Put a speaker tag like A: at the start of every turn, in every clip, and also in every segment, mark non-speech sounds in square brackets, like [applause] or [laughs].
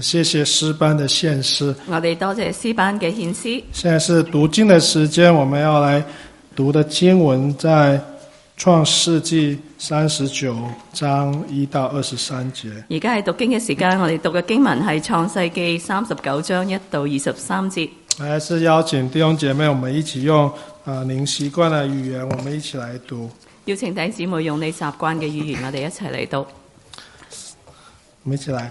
A: 謝謝詩班的獻詩，
B: 我哋多謝詩班嘅獻詩。
A: 現在是讀經的時間，我們要來讀的經文在創世記三十九章一到二十三節。
B: 而家係讀經嘅時間，我哋讀嘅經文係創世記三十九章一到二十三節。還是
A: 邀請弟兄姐妹，我們一起用，啊，您習慣嘅語言，我們一起來讀。
B: 邀請弟兄姊妹用你習慣嘅語言，我哋一齊嚟讀。
A: 我們一起來。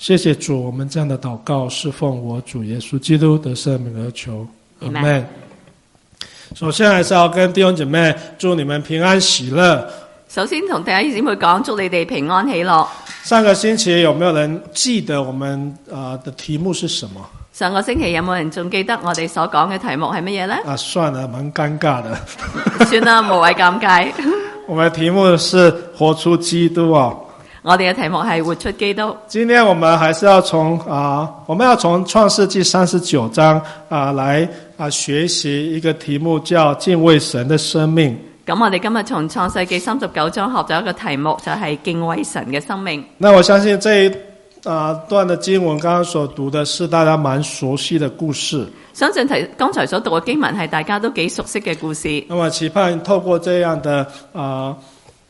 A: 謝謝主，我們這樣的禱告，侍奉我主耶穌基督的聖名而求，阿門。首先還是要跟弟兄姐妹祝你們平安喜樂。
B: 首先同弟兄姐妹講，祝你哋平安喜樂。
A: 上個星期有沒有人記得我們啊、呃、的題目是什麼？
B: 上個星期有冇人仲記得我哋所講嘅題目係乜嘢呢？
A: 啊，算了，蠻尷尬的。
B: [laughs] 算啦，無謂尷尬。
A: [laughs] 我們的題目是活出基督啊。
B: 我哋嘅題目係活出基督。
A: 今天我們還是要從啊，我們要從創世記三十九章啊，來啊學習一個題目叫敬畏神的生命。
B: 咁我哋今日從創世記三十九章學咗一個題目，就係、是、敬畏神嘅生命。
A: 那我相信這一啊段的經文，剛剛所讀嘅是大家蠻熟悉嘅故事。
B: 相信提剛才所讀嘅經文係大家都幾熟悉嘅故事。那我期
A: 盼透過這樣嘅啊。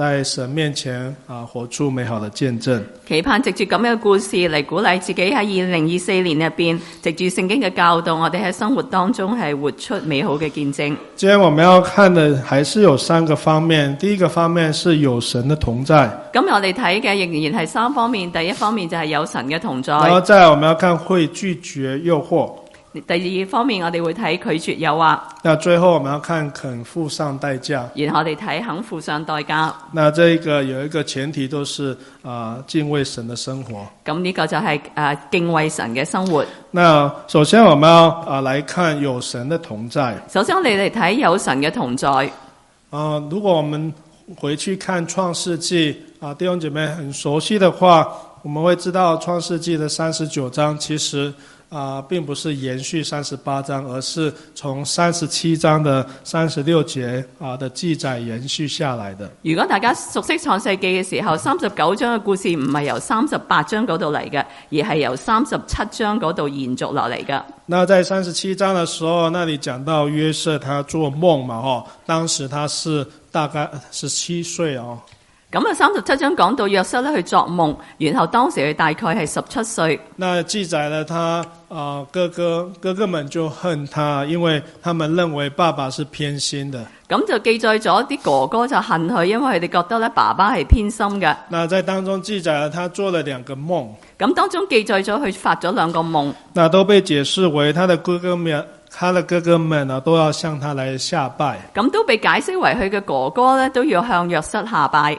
A: 在神面前啊，活出美好的見證。
B: 期盼藉住咁嘅故事嚟鼓勵自己喺二零二四年入邊，藉住聖經嘅教導，我哋喺生活當中係活出美好嘅見證。
A: 今天我們要看的還是有三個方面，第一個方面是有神的同在。
B: 咁我哋睇嘅仍然係三方面，第一方面就係有神嘅同在。然後，
A: 再我們要看會拒絕誘惑。
B: 第二方面，我哋會睇拒絕誘惑、啊。那
A: 最後我們要看肯付上代價。然後我
B: 哋睇肯付上代價。
A: 那這個有一個前提，都是啊、呃、敬畏神的生活。
B: 咁呢個就係、是、啊、呃、敬畏神嘅生活。
A: 那首先我們要啊、呃、來看有神的同在。
B: 首先我哋嚟睇有神嘅同在。啊、呃，如果我們
A: 回去看創世記，啊、呃、弟兄姐妹很熟悉的話，我們會知道創世記的三十九章其實。啊，並不是延續三十八章，而是從三十七章的三十六節啊的記載延續下來的。
B: 如果大家熟悉創世記嘅時候，三十九章嘅故事唔係由三十八章嗰度嚟嘅，而係由三十七章嗰度延續落嚟嘅。
A: 那在三十七章嘅時候，那你講到約瑟他做夢嘛，哦、啊，當時他是大概十七
B: 歲哦。咁啊，三十七章講到約瑟咧，去作夢，然後當時佢大概係十七歲。那
A: 記載了他啊，哥哥哥哥們就恨他，因為他們認為爸爸是偏心的。
B: 咁就記載咗啲哥哥就恨佢，因為佢哋覺得咧爸爸係偏心嘅。那在當中記載了他做了兩個夢。咁當中記載咗佢發咗兩個夢，
A: 那都被解釋為他的哥哥們，他的哥哥們啊都要向他來下拜。
B: 咁都被解釋為佢嘅哥哥咧都要向約瑟下拜。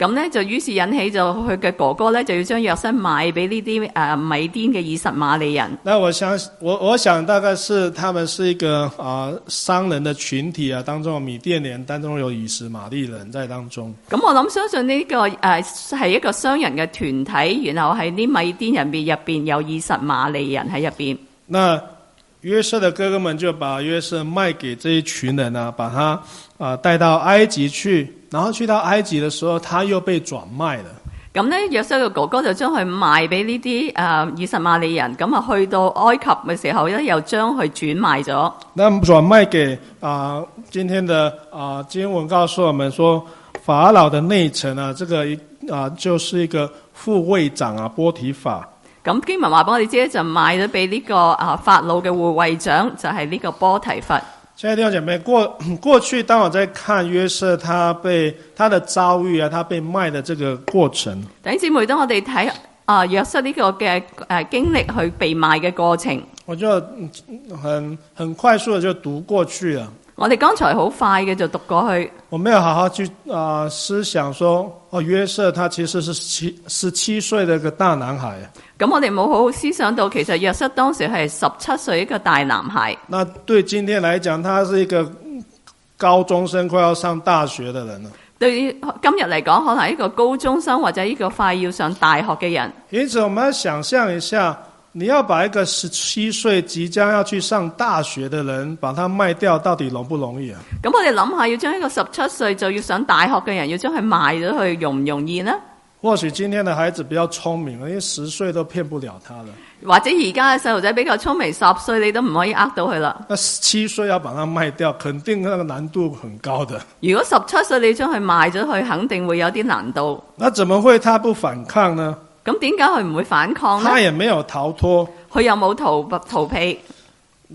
B: 咁咧就於是引起咗佢嘅哥哥咧就要將約瑟賣俾呢啲誒米甸嘅以實瑪利人。那
A: 我想，我我想大概是，他們是一個啊商人嘅群體啊，當中米甸人當中有以實瑪利人在當中。
B: 咁我諗相信呢個誒係、啊、一個商人嘅團體，然後喺啲米甸人入邊有以實瑪利人喺入邊。
A: 那約瑟的哥哥們就把約瑟賣給這一群人啊，把他啊、呃、帶到埃及去，然後去到埃及的時候，他又被轉賣了。
B: 咁咧，約瑟嘅哥哥就將佢賣俾呢啲啊以實瑪利人，咁啊去到埃及嘅時候咧，又將佢轉賣咗。
A: 那轉賣給啊、呃，今天的啊、呃、經文告訴我們說，法老的內臣啊，這個啊、呃、就是一個副衛長啊波提法。
B: 咁經文話俾我哋知咧，就賣咗俾呢個啊法老嘅護衛長，就係、是、呢個波提乏。親愛的弟兄姊妹，過過去當
A: 我再看約瑟，他被他的遭遇啊，他被賣的這個過程。
B: 因姐妹當我哋睇啊約瑟呢個嘅誒經歷，佢被賣嘅過程，
A: 我就很很快速地就讀過去了。
B: 我哋剛才好快嘅就讀過去。我沒有好好去啊、呃、思想說，
A: 哦約瑟他其實是十七、十七歲嘅一個大男孩。
B: 咁我哋冇好好思想到，其實約瑟當時係十七歲一個大男孩。
A: 那對今天嚟講，他是一個高中生快要上大學嘅人啊。
B: 對於今日嚟講，可能一個高中生或者一個快要上大學嘅人。因此，我
A: 們要想象一下。你要把一個十七歲即將要去上大學的人，把他賣掉，到底容不容易啊？
B: 咁我哋諗下，要將一個十七歲就要上大學嘅人，要將佢賣咗去，容唔容易呢？或許
A: 今天嘅孩子比較聰明，因為十歲都騙不了他了。
B: 或者而家嘅細路仔比較聰明，十歲你都唔可以呃到佢啦。那
A: 十七歲要把它賣掉，肯定那個難度很高的。
B: 如果十七歲你將佢賣咗去，肯定會有啲難度。
A: 那怎麼會他不反抗呢？
B: 咁點解佢唔會反抗呢？他也
A: 沒有逃脫，
B: 佢又冇逃逃
A: 避。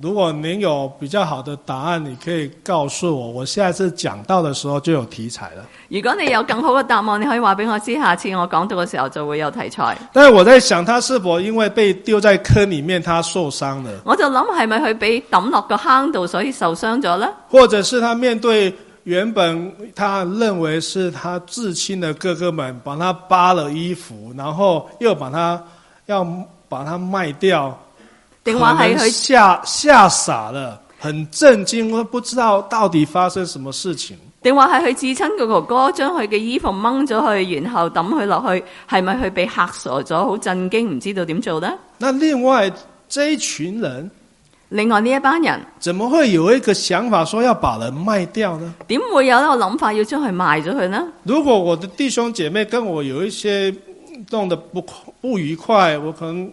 A: 如果您有比較好的答案，你可以告訴我，我下次講到的時候就有題材了。
B: 如果你有更好嘅答案，你可以話俾我知，下次我講到嘅時候就會有題材。
A: 但係我在想，他是否因為被丟在坑裏面，他受傷了？
B: 我就諗係咪佢俾抌落個坑度，所以受傷咗呢？或者是他面對？
A: 原本他認為是他至親的哥哥們，把他扒了衣服，然後又把他要把他賣掉，
B: 定話係佢吓
A: 嚇傻了，很震驚，都不知道到底發生什麼事情。
B: 定話係佢至親嘅哥哥將佢嘅衣服掹咗去，然後抌佢落去，係咪佢被嚇傻咗，好震驚，唔知道點做咧？那另外這一群人。另外呢一班人，
A: 怎麼會有一個想法說要把人賣掉呢？
B: 點會有一個諗法要將佢賣咗佢呢？
A: 如果我的弟兄姐妹跟我有一些弄得不不愉快，我可能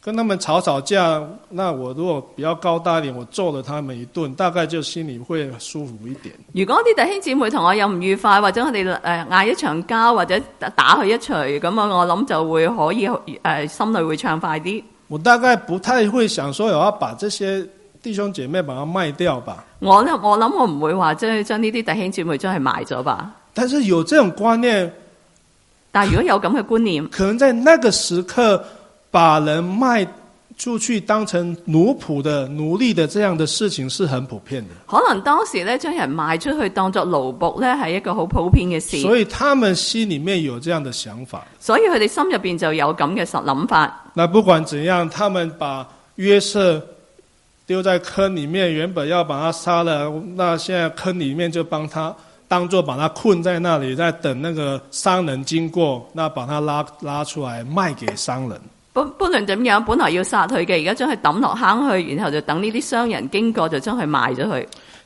A: 跟他們吵吵架，那我如果比較高大一點，我揍了他們一頓，大概就心裏會舒服一點。
B: 如果啲弟兄姐妹同我有唔愉快，或者佢哋誒嗌一場交，或者打佢一錘，咁樣我諗就會可以誒、呃，心裏會暢快啲。我大概不太會想說我要把這些弟兄姐妹把它賣掉吧。我諗我諗我唔會話將將呢啲弟兄姐妹將佢賣咗吧。但是有這種觀念，但係如果有咁
A: 嘅觀念，可能在那個時刻把人賣。出去當成奴僕的奴隸的這樣的事情是很普遍的。
B: 可能當時呢，將人賣出去當作奴僕呢係一個好普遍嘅事。所以
A: 他們心裏面有這樣的想法。
B: 所以佢哋心入邊就有咁嘅諗法。
A: 那不管怎樣，他們把約瑟丟在坑裏面，原本要把他殺了，那現在坑裏面就幫他當做把他困在那裏，在等那個商人經過，那把他拉拉出來賣給商人。
B: 不不論點樣，本來要殺佢嘅，而家將佢抌落坑去，然後就等呢啲商人經過，就將佢賣咗佢。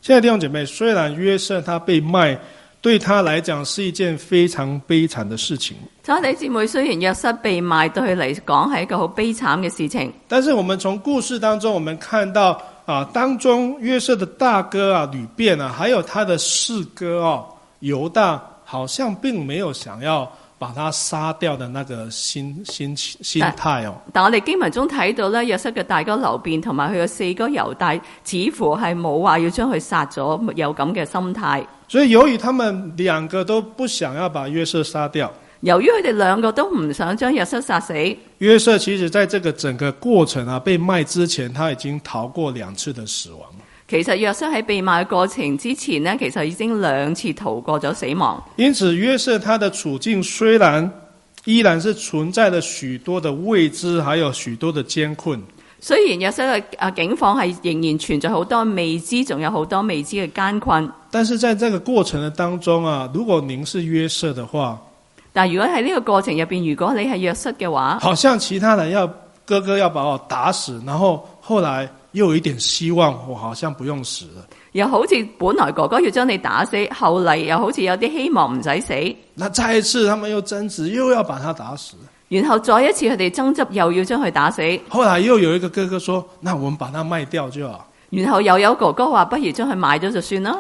A: 現在，弟兄姐妹，雖然約瑟他被賣，對他來講是一件非常悲慘的事情。
B: 兄弟姐妹，雖然約瑟被賣，對佢嚟講係一個好悲慘嘅事情。但是我們從故事
A: 當中，我們看到啊，當中約瑟的大哥啊，呂便啊，還有他的四哥啊、哦、猶大，好像並沒有想要。把他殺掉的那個心，心情，心態哦，
B: 但我哋經文中睇到咧，約瑟嘅大哥流便同埋佢嘅四哥猶大，似乎係冇話要將佢殺咗，有咁嘅心態。
A: 所以由於他們兩個都不想要把約瑟殺掉，由於佢哋兩個
B: 都唔想將約瑟殺死。
A: 約瑟其實在這個整個過程啊，被賣之前，他已經逃過兩次的死亡。
B: 其實約瑟喺被賣嘅過程之前呢，其實已經兩次逃過咗死亡。
A: 因此，約瑟他的處境雖然依然是存在了許多的未知，還有許多的艱困。
B: 雖然約瑟嘅啊警方係仍然存在好多未知，仲有好多未知嘅艱困。但是
A: 在這個過程當中啊，如果您是約瑟嘅話，
B: 但如果喺呢個過程入邊，如果你係約瑟嘅話，好
A: 像其他人要哥哥要把我打死，然后後來。又有一點希望，我好像不用死
B: 了。又好似本來哥哥要將你打死，後來又好似有啲希望唔使死。
A: 那再一次他們又爭執，又要把他打死。
B: 然後再一次佢哋爭執，又要將佢打死。後來
A: 又有一個哥哥說：那我們把他賣掉就好。
B: 然後又有哥哥話：不如將佢賣咗就算啦。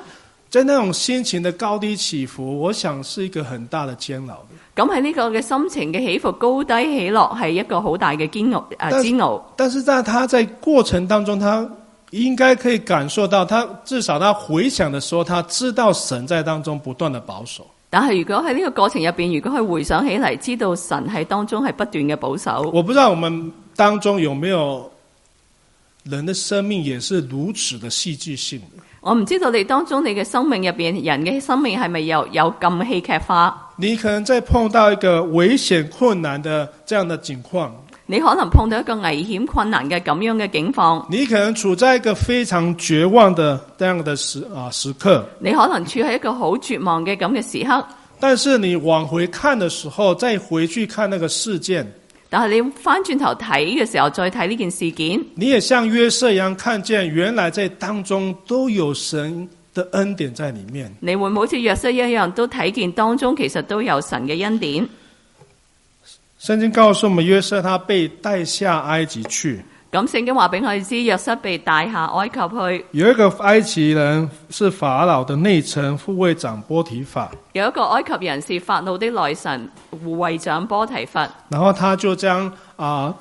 B: 在那種
A: 心情的高低起伏，我想是一個很大的煎熬的。
B: 咁喺呢個嘅心情嘅起伏高低起落，係一個好大嘅煎熬啊煎熬。
A: 但是在他，在過程當中，他應該可以感受到，他至少他回想的時候，他知道神在當中不斷的保守。
B: 但係，如果喺呢個過程入邊，如果佢回想起嚟，知道神喺當中係不斷嘅保守。
A: 我不知道我們當中有沒有人的生命也是如此的戲劇性的。
B: 我唔知道，你當中你嘅生命入邊人嘅生命係咪有有咁戲劇化？
A: 你可能再碰到一個危險困難的這樣的情況。
B: 你可能碰到一個危險困難嘅咁樣嘅境況。
A: 你可能處在一個非常絕望的這樣的時，的樣的時啊時刻。
B: 你可能處喺一個好絕望嘅咁嘅時刻。但是你往回看的時候，再回去看那個事件。但係你翻轉頭睇嘅時候，再睇呢件事件。你也像
A: 約瑟一樣，看見原來在當中都有神的恩典在裏面。
B: 你會唔會好似約瑟一樣，都睇見當中其實都有神嘅恩典。
A: 聖經告訴我們，約瑟他被帶下埃及去。
B: 咁聖經話俾我哋知，約瑟被帶下埃及去。
A: 有一個埃及人是法老的內臣護衛長波提法。
B: 有一個埃及人是法老的內臣護衛長波提法。
A: 然後他就將啊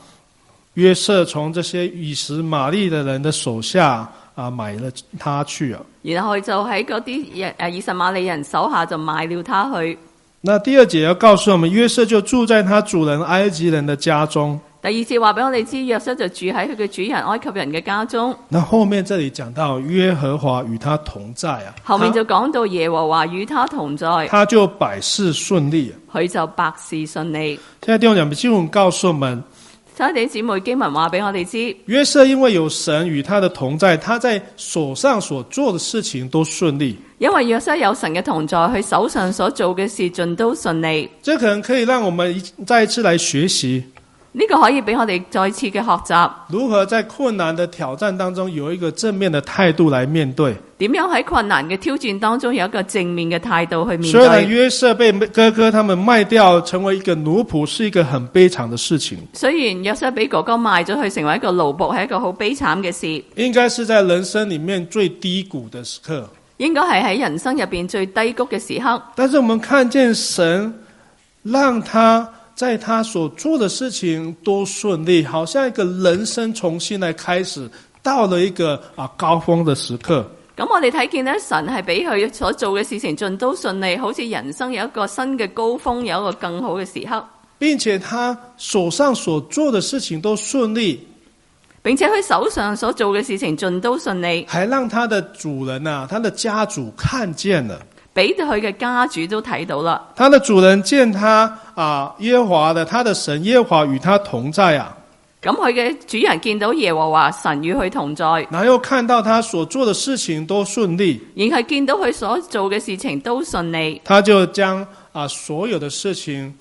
A: 約瑟從這些以實瑪利的人的手下啊買了他去啊。
B: 然後就喺嗰啲誒以實瑪利人手下就買了他去。
A: 那第二節要告訴我們，約瑟就住在他主人埃及人的家中。
B: 第二次話俾我哋知，約瑟就住喺佢嘅主人埃及人嘅家中。
A: 那後面這裏講到約和華與他同在啊。後面就
B: 講到耶和華與他同在，他
A: 就百事順利，
B: 佢就百事順利。
A: 今日，弟兄姊妹，經文告訴我們，
B: 兄弟姊妹，經文話俾我哋知，
A: 約瑟因為有神與他的同在，他在手上所做的事情都順利。
B: 因為約瑟有神嘅同在，佢手上所做嘅事盡都順利。這可能可以讓我們
A: 再一次來學習。
B: 呢、這個可以俾我哋再次嘅學習，如何在困難的挑戰當中有一個正面的態度來面對。點樣喺困難嘅挑戰當中有一個正面嘅態度去面對？所以呢，
A: 約瑟被哥哥他們賣掉，成為一個奴僕，是一個很悲慘的事情。
B: 雖然約瑟俾哥哥賣咗去成為一個奴僕，係一個好悲慘嘅事。
A: 應該是在人生裏面最低谷的時刻。
B: 應該係喺人生入邊最低谷嘅時刻。
A: 但是我們看見神讓他。在他所做的事情都順利，好像一個人生重新來開始，到了一個啊高峰的時刻。
B: 咁我哋睇見咧，神係俾佢所做嘅事情盡都順利，好似人生有一個新嘅高峰，有一個更好嘅時刻。
A: 並且他手上所做的事情都順利，
B: 並且佢手上所做嘅事情盡都順利，還讓他的主人啊，他的家主看見了。俾佢嘅家主都睇到啦，
A: 他的主人見他啊耶華的，他的神耶華與他同在啊，
B: 咁佢嘅主人見到耶和華神與佢同在，然後又看到他所做嘅事情都順利，然後見到佢所做嘅事情都順利，
A: 他就將啊所有的事情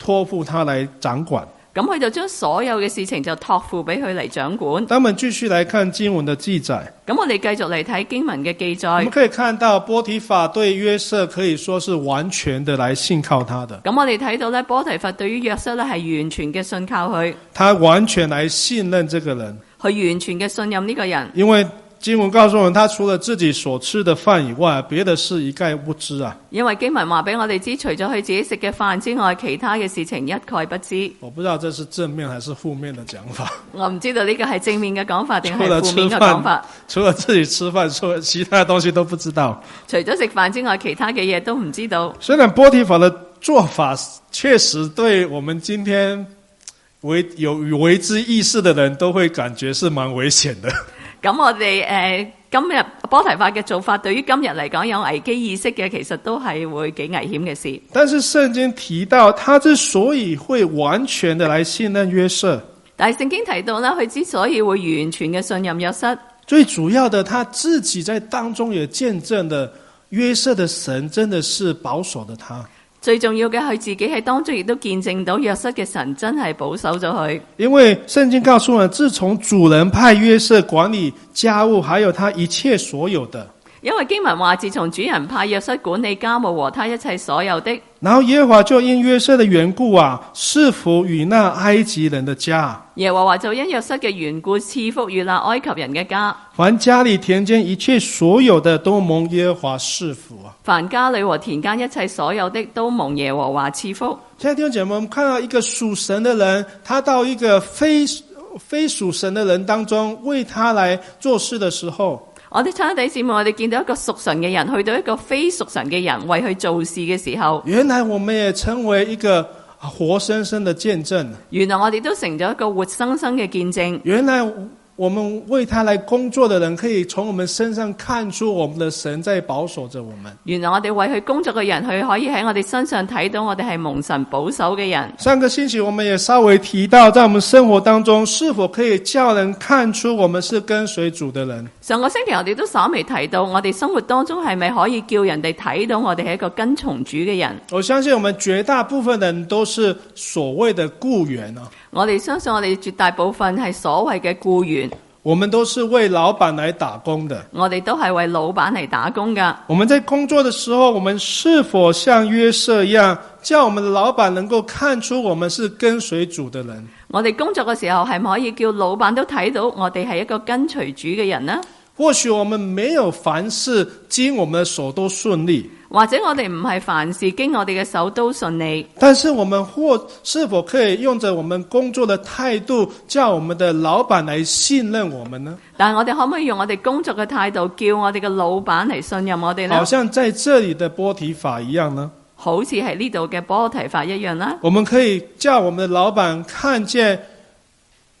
A: 託付他來掌管。
B: 咁佢就將所有嘅事情就託付俾佢嚟掌管。咁我哋繼續
A: 嚟看經文嘅記載。
B: 咁我哋繼續嚟睇經文嘅記載。我們可以
A: 看到波提法對約瑟可以說是完全嘅來信靠他的。
B: 咁我哋睇到咧，波提法對於約瑟咧係完全嘅信靠佢。
A: 他完全嚟信任這個人。
B: 佢完全嘅信任呢個人。
A: 因為。經文告訴我們，他除了自己所吃的飯以外，別的事一概不知啊。
B: 因為經文話俾我哋知，除咗佢自己食嘅飯之外，其他嘅事情一概不知。
A: 我不知道這是正面還是負面的講法。
B: 我唔知道呢個係正面嘅講法定係負面嘅講法。除了吃飯，
A: 除了自己吃飯，除其他的東西都不知道。
B: 除咗食飯之外，其他嘅嘢都唔知道。
A: 雖然波提法的做法確實對我們今天為有為之意識的人都會感覺是蠻危險的。
B: 咁我哋誒、呃、今日波提法嘅做法，對於今日嚟講有危機意識嘅，其實都係會幾危險嘅事。
A: 但是聖經提到，他之所以會完全的來信任約瑟，
B: 但係聖經提到呢，佢之所以會完全嘅信任約瑟，最
A: 主要的，他自己在當中也見證的，約瑟的神真的是保守的他。
B: 最重要嘅係自己喺當中亦都見證到約瑟嘅神真係保守咗佢，
A: 因為聖經告訴我們自從主人派約瑟管理家務，還有他一切所有的。
B: 因為經文話，自從主人派約瑟管理家務和他一切所有的，
A: 然後耶和華就因約瑟的緣故啊，賜福與那埃及人的家。
B: 耶和華就因約瑟嘅緣故賜福與那埃及人嘅家。
A: 凡家裏田間一切所有的都蒙耶和華賜福，
B: 啊。凡家裏和田間一切所有的都蒙耶和華賜福。現在聽弟兄姐妹們我們看到一
A: 個屬神的人，他到一個非非屬神的人當中為他來做事的時候。
B: 我哋真一第羨慕，我哋見到一個屬神嘅人去到一個非屬神嘅人，為佢做事嘅時候，原來我哋也成為一個活生生嘅見證。原來我哋都成咗一個活生生嘅見證。原來。我們為
A: 他來工作的人，可以從我們身上看出我們的神在保守着我們。
B: 原來我哋為佢工作嘅人，佢可以喺我哋身上睇到我哋係蒙神保守嘅人。上
A: 個星期我們也稍微提到，在我們生活當中是否可以叫人看出我們是跟隨主的人？
B: 上個星期我哋都稍微提到，我哋生活當中係咪可以叫人哋睇到我哋係一個跟從主嘅人？我相信我們絕大部分人都是所謂嘅僱員啊！我哋相信我哋絕大部分係所謂嘅僱員。我們都是為老闆來打工的。我哋都係為老闆嚟打工噶。
A: 我們在工作的時候，我們是否像約瑟一樣，叫我們的老闆能夠看出我們是跟隨主的人？
B: 我哋工作嘅時候，係唔可以叫老闆都睇到我哋係一個跟隨主嘅人，人呢？或許我們沒有凡事經我們的手都順利。或者我哋唔係凡事經我哋嘅手都順利。但是我們或是否
A: 可以用着我們工作的態度，叫我們的老板來信任我們呢？
B: 但係我哋可唔可以用我哋工作嘅態度，叫我哋嘅老板嚟信任我哋呢？好
A: 像在這裏的波提法一樣呢？
B: 好似係呢度嘅波提法一樣啦。我們可以叫
A: 我們的老板看見，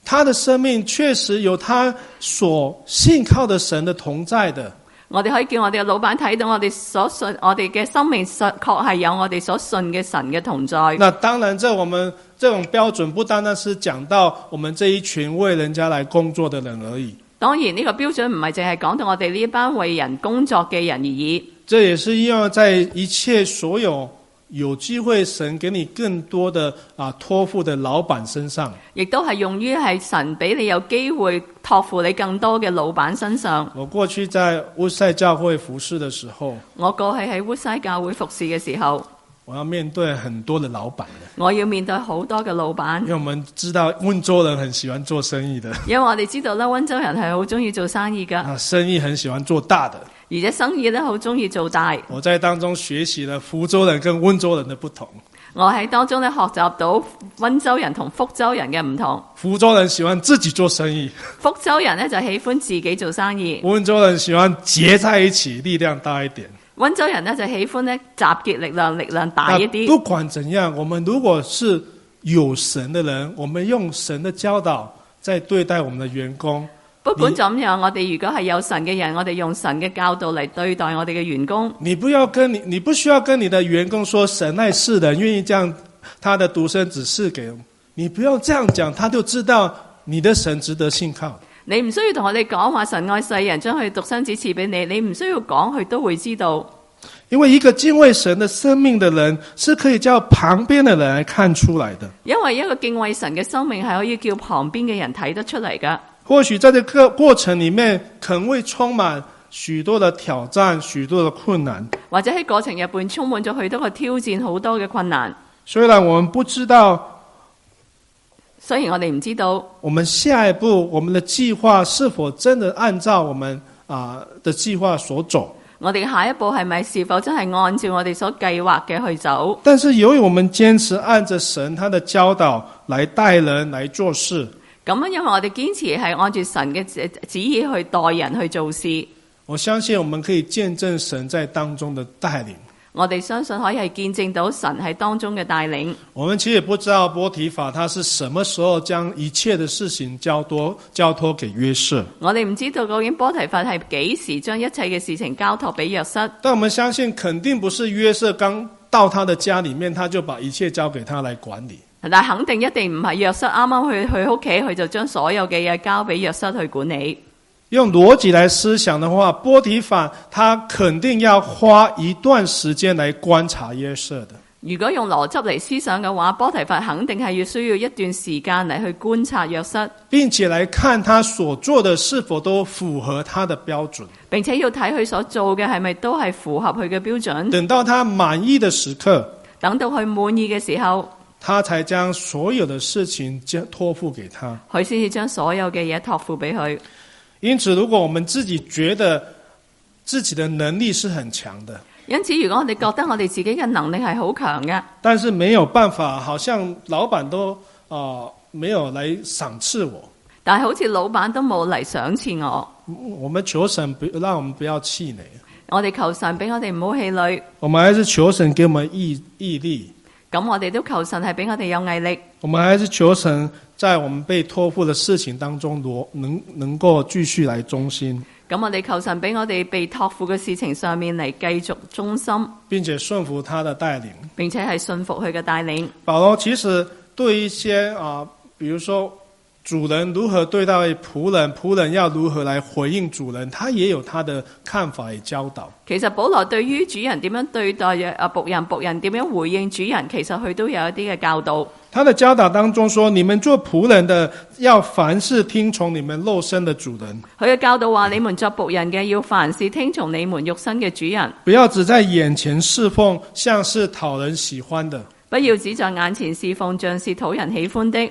A: 他的生命確實有他所信靠的神的同在的。
B: 我哋可以叫我哋嘅老闆睇到我哋所信，我哋嘅生命實確係有我哋所信嘅神嘅同在。嗱，
A: 當然，即係我們這種標準，不單單是講到我們這一群為人家來工作嘅人而已。
B: 當然，呢個標準唔係淨係講到我哋呢班為人工作嘅人而已。這也是要
A: 在一切所有。有機會，神給你更多的啊託付的老闆身上，
B: 亦都係用於係神俾你有機會托付你更多嘅老闆身上。
A: 我過去在烏塞教會服侍的時候，
B: 我過去喺烏塞教會服侍嘅時候，
A: 我要面對很多的老闆。
B: 我要面對好多嘅老闆。因為我
A: 們知道溫州人很喜歡做生意的，
B: 因為我哋知道咧，溫州人係好中意做生意噶，啊，
A: 生意很喜歡做大的。
B: 而且生意咧好中意做大。我
A: 在當中學習了福州人跟温州人的不同。
B: 我喺當中學習到温州人同福州人嘅唔同。
A: 福州人喜歡自己做生意。
B: 福州人咧就喜歡自己做生意。
A: 温州人喜歡結在一起，力量大一點。
B: 温州人咧就喜歡咧集結力量，力量大一點。
A: 不管怎樣，我們如果是有神的人，我們用神的教導在對待我們的員工。
B: 不管怎樣，我哋如果係有神嘅人，我哋用神嘅教導嚟對待我哋嘅員工。你不要
A: 跟，你你不需要跟你的員工說神愛世人，願意將他的獨生子賜給你。你不要這樣講，他就知道你的神值得信靠。
B: 你唔需要同我哋講話，神愛世人，將佢獨生子賜俾你。你唔需要講，佢都會知道。因
A: 為一個敬畏神的生命的人，是可以叫旁邊的人來看出來的。
B: 因為一個敬畏神嘅生命係可以叫旁邊嘅人睇得出嚟噶。
A: 或許在這個過程裏面，肯會充滿許多的挑戰，許多的困難。
B: 或者喺過程入邊充滿咗許多嘅挑戰，好多嘅困難。
A: 雖然我們不知道。
B: 所以我哋唔知道。
A: 我們下一步，我們的計劃是否真的按照我們啊的計劃所走？
B: 我哋下一步係咪是否真係按照我哋所計劃嘅去走？
A: 但是由於我們堅持按着神他的教導來帶人來做事。
B: 咁因為我哋堅持係按住神嘅旨意去待人去做事，
A: 我相信我們可以見證神在當中的帶
B: 領。我哋相信可以係見證到神喺當中嘅帶領。
A: 我們其實不知道波提法他是什麼時候將一切的事情交託交託給約瑟。
B: 我哋唔知道究竟波提法係幾時將一切嘅事情交託俾約瑟。但我們相信肯
A: 定不是約瑟剛到他的家裏面，他就把一切交給他來管理。
B: 但肯定一定唔係約瑟啱啱去去屋企，佢就將所有嘅嘢交俾約瑟去管理。
A: 用邏輯嚟思想嘅話，波提法他肯定要花一段時間嚟觀察約瑟嘅。
B: 如果用邏輯嚟思想嘅話，波提法肯定係要需要一段時間嚟去觀察約瑟，
A: 並且嚟看他所做的是否
B: 都符合他的標準，並且要睇佢所做嘅係咪都係符合佢嘅標準。
A: 等到他滿意嘅時刻，
B: 等到佢滿意嘅時候。
A: 他才將所有的事情交
B: 託付給他，佢先至將所有嘅嘢託付俾佢。
A: 因此，如果我們自己覺得自己的能力是很強的，
B: 因此，如果我哋覺得我哋自己嘅能力係好強嘅，
A: 但是沒有辦法，好像老闆都
B: 啊沒有嚟賞賜我，但係好似老闆都冇嚟賞賜我。我們求神不讓我們不要氣餒，我哋求神俾我哋唔好氣餒。
A: 我們還是求神給我們毅毅力。
B: 咁我哋都求神係俾我哋有毅力。
A: 我們還是求神，在我們被託付的事情當中能，能能能夠繼續來忠心。
B: 咁我哋求神俾我哋被託付嘅事情上面嚟繼續忠心，並且順服他的帶領，並且係信服佢嘅帶領。
A: 嗱，我其實對一些啊，比如說。主人如何對待僕人，僕人要如何來回應主人，他也有他的看法與教導。
B: 其實保羅對於主人點樣對待僕人，僕人點樣回應主人，其實佢都有一啲嘅教導。
A: 他的教導當中說：你們做僕人的，要凡事聽從你們肉身的主人。
B: 佢嘅教導話：你們做僕人嘅，要凡事聽從你們肉身嘅主人。
A: 不要只在眼前侍奉，像是討人喜歡的。
B: 不要只在眼前侍奉，像是討人喜歡的。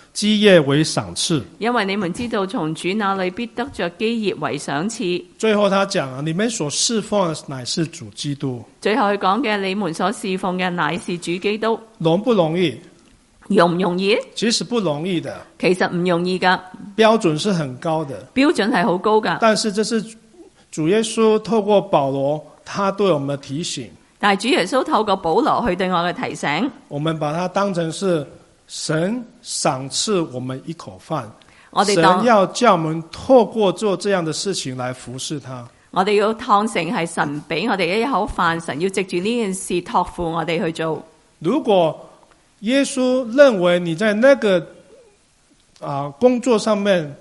A: 基業為賞賜，
B: 因為你們知道從主那裏必得着基業為賞賜。
A: 最後他講啊，你們所侍奉的乃是主基督。
B: 最後佢講嘅，你們所侍奉嘅乃是主基督。容不容易？容唔容易？其實不容易的。其實唔容易㗎。標準是很高的。標準係好高㗎。但是這是
A: 主耶穌透過保羅，他對我們的提醒。
B: 但係主耶穌透過保羅去對我嘅提醒，
A: 我們把它當成是。神賞賜我們一口飯，我哋當，神要叫我們透過做這樣的事情來服
B: 侍他。我哋要當成係神俾我哋一口飯，神要藉住呢件事託付我哋去做。如果耶穌認為你在那個
A: 啊、呃、工作上面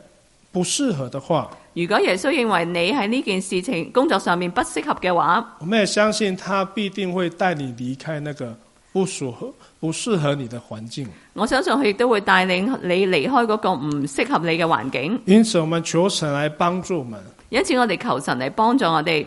A: 不適合的話，
B: 如果耶穌認為你喺呢件事情工作上面不適合嘅話，
A: 我們也相信他必定會帶你離開那個。不適合不適合你的環境，
B: 我相信佢亦都會帶領你離開嗰個唔適合你嘅環境。因此，我們求神嚟幫助我們。因此，我哋求神嚟幫助我哋，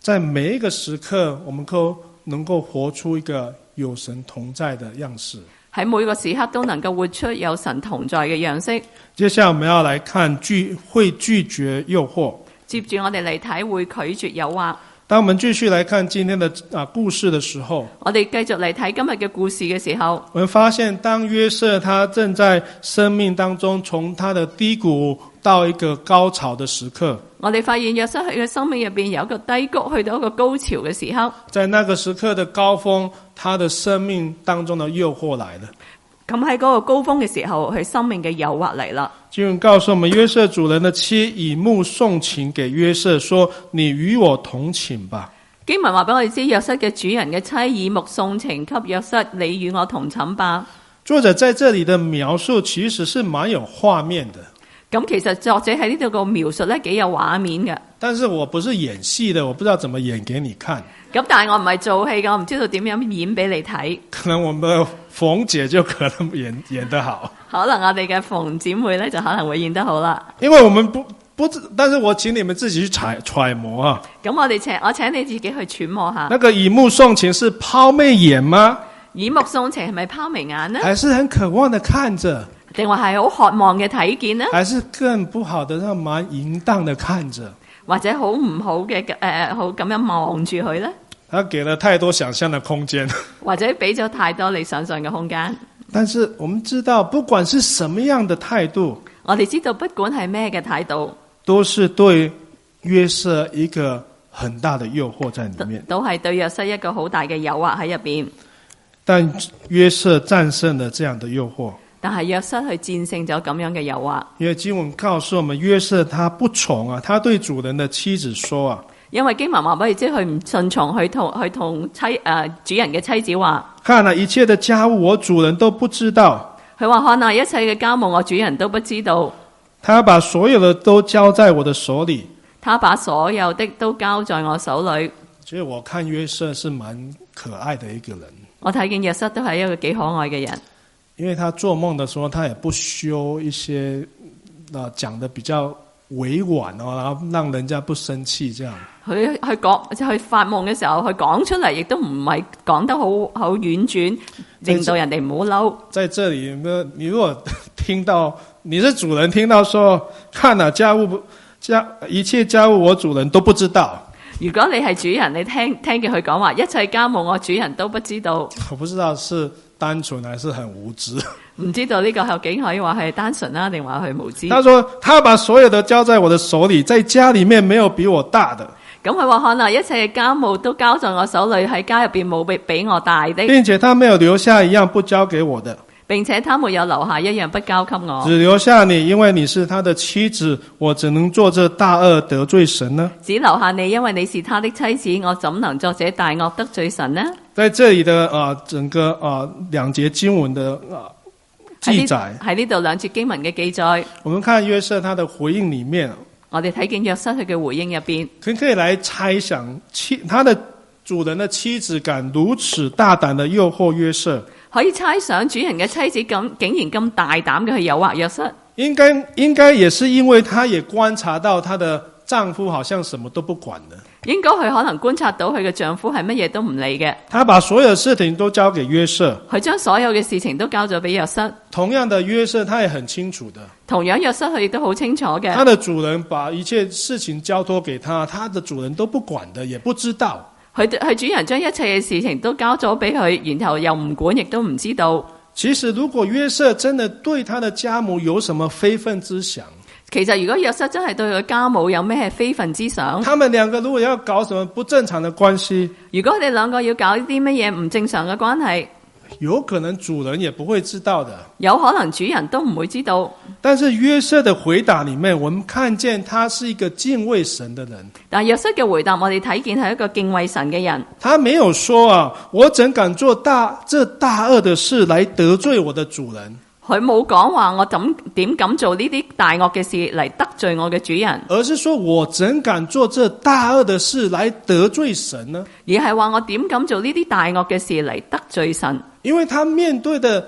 A: 在每一個時刻，我們都能夠活出一個有神同在的樣式。
B: 喺每個時刻都能夠活出有神同在嘅樣式。
A: 接下來，我們要來看拒會拒絕誘惑。
B: 接住我哋嚟睇會拒絕誘惑。
A: 當我們繼續來看今天的啊故事的時候，
B: 我哋繼續嚟睇今日嘅故事嘅時候，
A: 我們發現當約瑟他正在生命當中從他的低谷到一個高潮的時刻，
B: 我哋發現約瑟佢嘅生命入邊有一個低谷去到一個高潮嘅時候，在那個時
A: 刻的高峰，他的生命當中的誘惑來了。
B: 咁喺嗰個高峰嘅時候，係生命嘅誘惑嚟啦。
A: 經文告訴我們，約瑟主人的妻以目送情給約瑟，說：你與我同寢吧。
B: 經文話俾我哋知，約瑟嘅主人嘅妻以目送情給約瑟，你與我同寢吧。
A: 作者在這裏的描述，其實是蠻有畫面的。
B: 咁、嗯、其實作者喺呢度個描述咧幾有畫面嘅。
A: 但是我不是演戲嘅，我不知道怎麼演給你看。
B: 咁、嗯、但係我唔係做戲嘅，我唔知道點樣演俾你睇。
A: 可能我們馮姐就可能演，演得好。
B: 可能我哋嘅馮姐妹咧就可能會演得好啦。
A: 因為我們不不知，但是我請你們自己去揣，揣摩啊。
B: 咁、嗯、我哋請我請你自己去揣摩下、啊。那
A: 個以目送情是拋媚眼嗎？
B: 以目送情係咪拋媚眼呢？還
A: 是很渴望的看着。
B: 定話係好渴望嘅體檢呢？還
A: 是更不好的，咁蠻淫蕩的看
B: 着，或者好唔好嘅誒，好咁樣望住佢咧？
A: 他給了太多想象的空間，
B: 或者俾咗太多你想象嘅空間。
A: 但是我們知道，不管是什麼樣的態度，
B: 我哋知道，不管係咩嘅態度，
A: 都是對約瑟一個很大的誘惑在裏面，
B: 都係對約瑟一個好大嘅誘惑喺入邊。
A: 但約瑟戰勝了這樣的誘惑。
B: 但係約瑟去戰勝咗咁樣嘅誘惑。
A: 因為經文告訴我們，約瑟他不從啊，他對主人的妻子說啊。
B: 因為經文話，不如知佢唔順從，去同去同妻誒主人嘅妻子話。
A: 看哪，一切的家務我主人都不知道。
B: 佢話看哪，一切嘅家務我主人都不知道。
A: 他把所有的都交在我的手裡。
B: 他把所有的都交在我手裡。所以我看約瑟是蠻可愛的一個人。我睇見約瑟都係一個幾可愛嘅人。
A: 因為他做夢的時候，他也不修一些，啊、呃、講的比較委婉哦，然後讓人家不生氣這樣。
B: 佢佢講，就佢發夢嘅時候，佢講出嚟，亦都唔係講得好好婉轉，
A: 令到人哋唔好嬲。在這裏，你如果聽到你是主人，聽到說，看了、啊、家務家一切家務，我主人都不知道。
B: 如果你係主人，你聽聽見佢講話，一切家務我主人都不知道。我不知道是。單純還是很無知，唔 [laughs] 知道呢個究竟可以話係單純啦，啊，定話係無知。他說，
A: 他把所有的交在我的手裏，在家裏面沒有比我大的。
B: 咁佢話可能一切的家務都交在我手裏，喺家入邊冇比比我大的，並且
A: 他沒有留下一樣不交給我的，
B: 並且他沒有留下一樣不交給我。只
A: 留下你，因為你是他的妻子，我只能做這大惡得罪神呢，
B: 啊？只留下你，因為你是他的妻子，我怎能做這大惡得罪神呢？
A: 在這裏的啊、呃，整個啊、呃、兩節經文的
B: 啊記載，喺呢度兩節經文嘅記載。我們看約瑟他的回應裏面，我哋睇見約瑟佢嘅回應入邊，
A: 佢可以來猜想妻，他的主人的妻子敢如此大膽的誘惑約瑟？
B: 可以猜想主人嘅妻子咁竟然咁大膽嘅去誘惑約瑟？
A: 應該應該也是因為她也觀察到她的丈夫好像什麼都不管的。
B: 應該佢可能觀察到佢嘅丈夫係乜嘢都唔理嘅。
A: 他把所有事情都交給約瑟。
B: 佢將所有嘅事情都交咗俾約瑟。同樣的約瑟，他也很清楚的。同樣約瑟，佢亦都好清楚嘅。他的
A: 主人把一切事
B: 情交託給他，他的主人都不管的，也不知道。佢佢主人將一切嘅事情都交咗俾佢，然後又唔管，亦都唔知道。其實如果約瑟真的
A: 對他的家母有什麼非分之想。
B: 其實如果約瑟真係對佢家母有咩非分之想，他們兩個如果要搞什麼不正常的關係，如果佢哋兩個要搞啲乜嘢唔正常嘅關係，有可能主人也不會知道的，有可能
A: 主人都唔會知道。但是約瑟的回答裏面，我們看見他是一個敬
B: 畏神的人。但約瑟嘅回答，我哋睇見係一個敬畏神嘅人。
A: 他沒有說啊，我怎敢做大這大惡的事來得罪我的主人？
B: 佢冇講話，我怎點敢做呢啲大惡嘅事嚟得罪我嘅主人？而是說，
A: 我怎敢做這大惡嘅事嚟得罪神呢？而
B: 係話，我點敢做呢啲大惡嘅事嚟得罪神？因為他面對的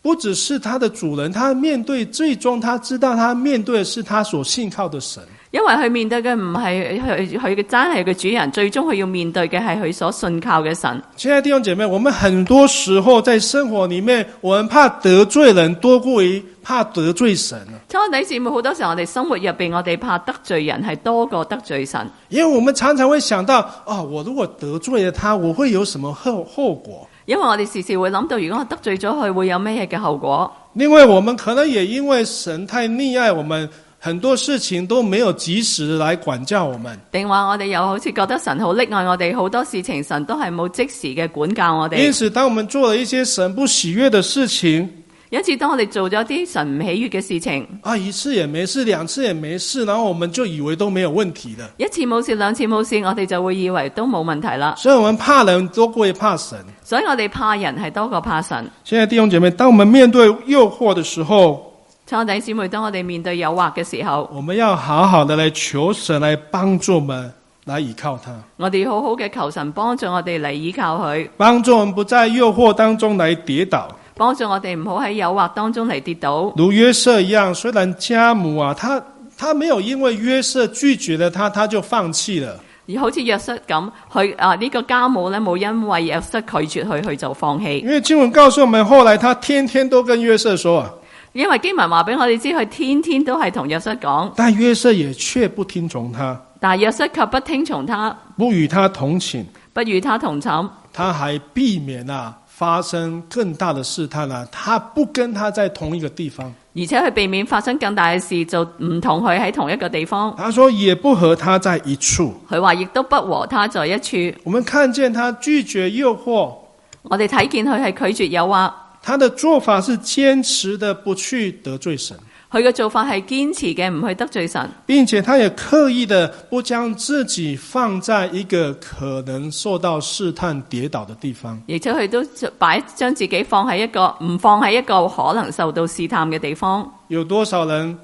B: 不只是他的
A: 主人，他面對最終他知道他面對的是他所信靠的神。
B: 因為佢面對嘅唔係佢佢嘅真係嘅主人，最終佢要面對嘅係佢所信靠嘅神。
A: 親愛的弟兄姐妹，我們很多時候在生活裏面，我們怕得罪人多過於怕得罪神。
B: 兄弟姐妹，好多時候我哋生活入邊，我哋怕得罪人係多過得罪神，因為我們常
A: 常會想到，啊、哦，我如果得罪咗他，我會有什麼
B: 後後果？因為我哋時時會諗到，如果我得罪咗佢，會有咩嘅後果？另外，
A: 我們可能也因為神太溺愛我們。很多事情都沒有及時來管教我們，
B: 定話我哋又好似覺得神好溺愛我哋，好多事情神都係冇即時嘅管教我哋。因此，當我
A: 們做了一些神不喜悦的事情，
B: 有一次當我哋做咗啲神唔喜悦嘅事情，
A: 啊，一次也沒事，兩次也沒事，然後我們就以為都沒有問題的。
B: 一次冇事，兩次冇事，我哋就會以為都冇問題啦。所以我們怕人多過怕神，所以我哋怕人係多過怕神。
A: 現在弟兄姐妹，當我們面對誘惑的時候，
B: 兄弟姊妹，當我哋面對誘惑嘅時候，我
A: 們要好好的嚟求神嚟幫助我們來依靠他。
B: 我哋要好好嘅求神幫助我哋嚟依靠佢，
A: 幫助我們不在誘惑當中嚟跌倒，
B: 幫助我哋唔好喺誘惑當中嚟跌倒。
A: 如約瑟一樣，雖然家母啊，他他沒有因為約瑟拒絕了他，他就放棄了。
B: 而好似約瑟咁，佢啊呢個家母咧冇因為約瑟拒絕佢，佢就放棄。
A: 因為經文告訴我們，後來他天天都跟約瑟說啊。
B: 因為經文話俾我哋知，佢天天都係同約瑟講，
A: 但約瑟也卻不聽從他。
B: 但約瑟卻不聽從他，
A: 不與他同寢，
B: 不與他同寢。他
A: 還避免啦、啊、發生更大的試探啦、啊，他不跟他在同一個
B: 地方。而且佢避免發生更大嘅事，就唔同佢喺同一個地方。他說也
A: 不和他在一處。
B: 佢話亦都不和他在一處。我們看見他拒絕誘惑。我哋睇見佢係拒絕誘惑。他的做法是堅持的，不去得罪神。佢嘅做法係堅持嘅，唔去得罪神，
A: 並且他也刻意的不將自己放在一個可能受到試探跌倒的地方。
B: 而且佢都擺將自己放喺一個唔放喺一個可能受到試探嘅地方。
A: 有多少人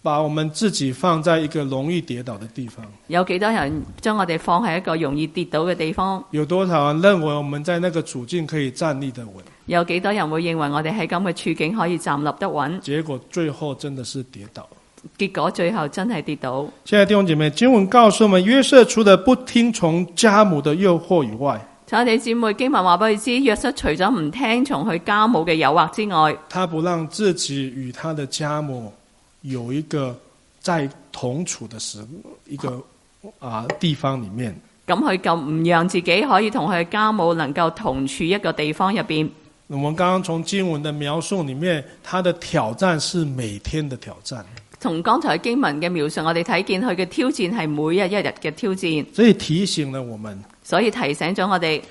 A: 把我們自己放在一個容易跌倒的地方？
B: 有幾多人將我哋放喺一個容易跌倒嘅地方？
A: 有多少人認為我們在那個處境可以站立得穩？
B: 有幾多人會認為我哋喺咁嘅處境可以站立得穩？結果最後真的是跌倒。結果最後真係跌倒。
A: 現在弟兄姐妹，經文告訴我們，約瑟除了不聽從家母的誘惑以外，
B: 我哋姊妹經文話俾佢知，約瑟除咗唔聽從佢家母嘅誘惑之外，他不讓自
A: 己與他的家母有一個在同處的時一個啊地方裡面。
B: 咁佢就唔讓自己可以同佢家母能夠同處一個地方入邊。我
A: 們剛剛從經文的描述裏面，他的挑戰是每天的挑戰。
B: 從剛才經文嘅描述，我哋睇見佢嘅挑戰係每日一日嘅挑戰。所以提醒了我們，所以提醒咗我哋，